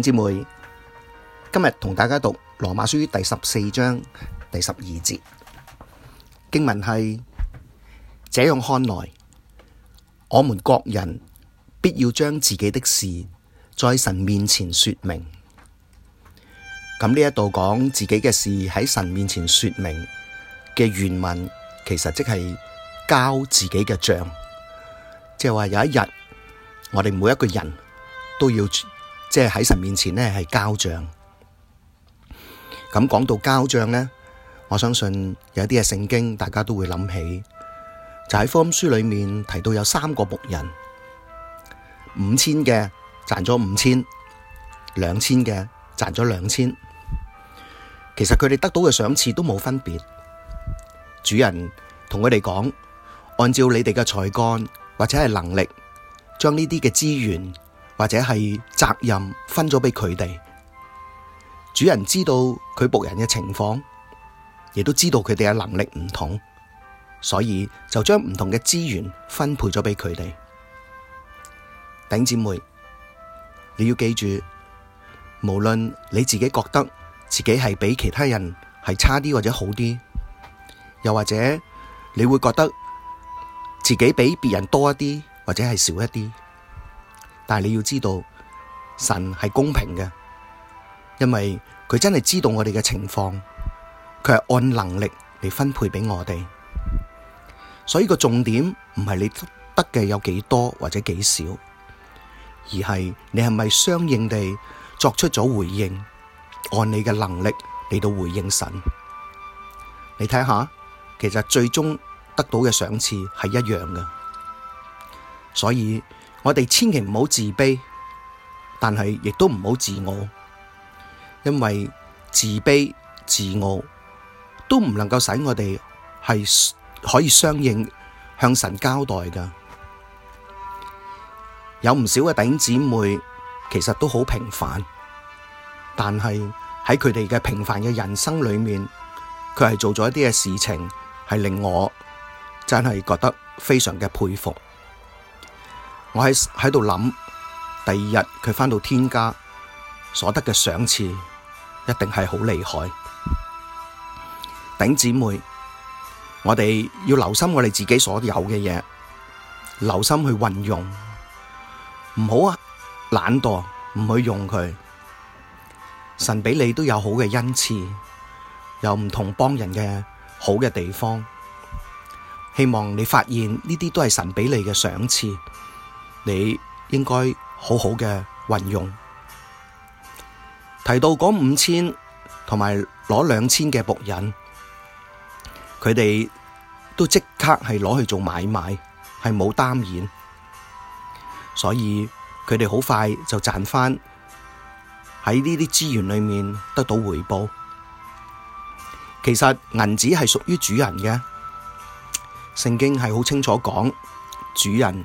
姐妹今日同大家讀《羅馬書》第十四章第十二節經文，係這樣看來，我們各人必要將自己，自己的事在神面前說明。咁呢一度講自己嘅事喺神面前說明嘅原文，其實即係交自己嘅賬，即係話有一日我哋每一個人都要。即係喺神面前咧，係交賬。咁講到交賬呢，我相信有啲嘅聖經，大家都會諗起，就喺福音書裏面提到有三個僕人，五千嘅賺咗五千，兩千嘅賺咗兩千。其實佢哋得到嘅賞賜都冇分別。主人同佢哋講，按照你哋嘅才幹或者係能力，將呢啲嘅資源。或者係責任分咗畀佢哋，主人知道佢僕人嘅情況，亦都知道佢哋嘅能力唔同，所以就將唔同嘅資源分配咗畀佢哋。頂姐妹，你要記住，無論你自己覺得自己係比其他人係差啲或者好啲，又或者你會覺得自己比別人多一啲或者係少一啲。但係你要知道，神係公平嘅，因為佢真係知道我哋嘅情況，佢係按能力嚟分配畀我哋。所以個重點唔係你得嘅有幾多或者幾少，而係你係咪相應地作出咗回應，按你嘅能力嚟到回應神。你睇下，其實最終得到嘅賞賜係一樣嘅，所以。我哋千祈唔好自卑，但係亦都唔好自我，因為自卑、自我都唔能夠使我哋係可以相應向神交代嘅。有唔少嘅弟兄姊妹，其實都好平凡，但係喺佢哋嘅平凡嘅人生裏面，佢係做咗一啲嘅事情，係令我真係覺得非常嘅佩服。我喺度諗，第二日佢返到天家所得嘅賞賜一定係好厲害。頂姊妹，我哋要留心我哋自己所有嘅嘢，留心去運用，唔好啊懶惰，唔去用佢。神畀你都有好嘅恩賜，有唔同幫人嘅好嘅地方，希望你發現呢啲都係神畀你嘅賞賜。你應該好好嘅運用，提到嗰五千同埋攞兩千嘅僕人，佢哋都即刻係攞去做買賣，係冇耽延，所以佢哋好快就賺翻喺呢啲資源裏面得到回報。其實銀子係屬於主人嘅，聖經係好清楚講主人，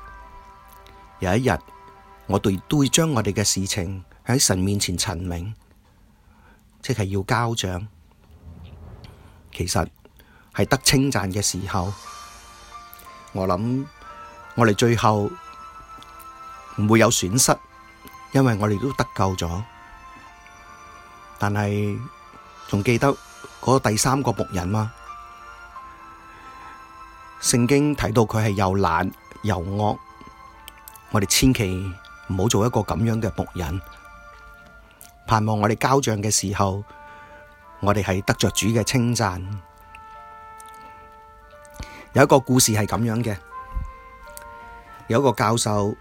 有一日，我哋都會將我哋嘅事情喺神面前陳明，即係要交賬。其實係得稱讚嘅時候，我諗我哋最後唔會有損失，因為我哋都得救咗。但係仲記得嗰第三個僕人嗎？聖經睇，到佢係又懶又惡。我哋千祈唔好做一個咁樣嘅僕人，盼望我哋交賬嘅時候，我哋係得着主嘅稱讚。有一個故事係咁樣嘅，有一個教授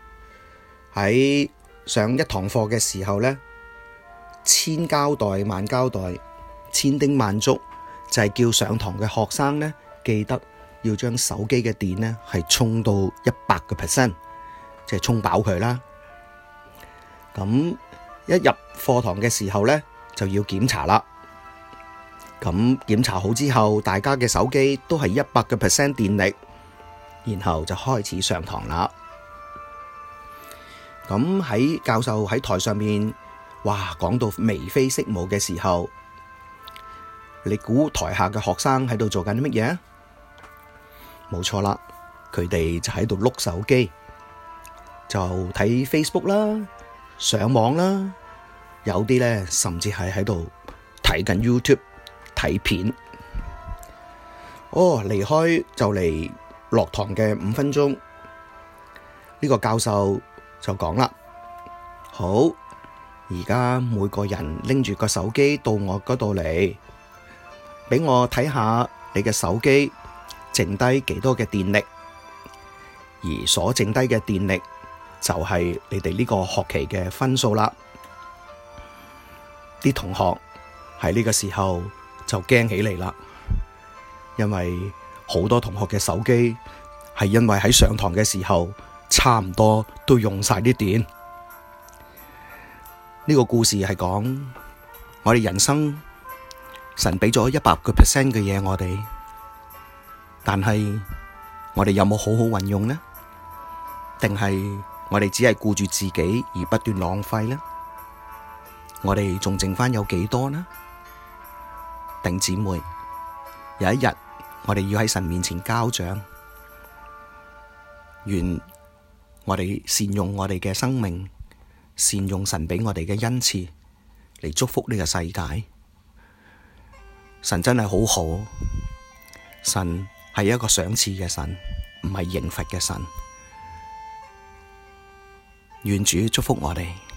喺上一堂課嘅時候呢，千交代萬交代，千叮萬囑，就係、是、叫上堂嘅學生呢，記得要將手機嘅電呢係充到一百個 percent。即係充飽佢啦。咁一入課堂嘅時候咧，就要檢查啦。咁檢查好之後，大家嘅手機都係一百個 percent 電力，然後就開始上堂啦。咁喺教授喺台上面，哇，講到眉飛色舞嘅時候，你估台下嘅學生喺度做緊啲乜嘢啊？冇錯啦，佢哋就喺度碌手機。就睇 Facebook 啦，上網啦，有啲咧甚至係喺度睇緊 YouTube 睇片。哦，離開就嚟落堂嘅五分鐘，呢、這個教授就講啦。好，而家每個人拎住個手機到我嗰度嚟，畀我睇下你嘅手機剩低幾多嘅電力，而所剩低嘅電力。就係你哋呢個學期嘅分數啦，啲同學喺呢個時候就驚起嚟啦，因為好多同學嘅手機係因為喺上堂嘅時候差唔多都用晒啲電。呢個故事係講我哋人生神畀咗一百個 percent 嘅嘢我哋，但係我哋有冇好好運用呢？定係？我哋只係顧住自己而不斷浪費呢，我哋仲剩翻，有幾多呢？頂姊妹，有一日我哋要喺神面前交賬，願我哋善用我哋嘅生命，善用神俾我哋嘅恩賜，嚟祝福呢個世界。神真係好好，神係一個賞賜嘅神，唔係刑罰嘅神。願主祝福我哋。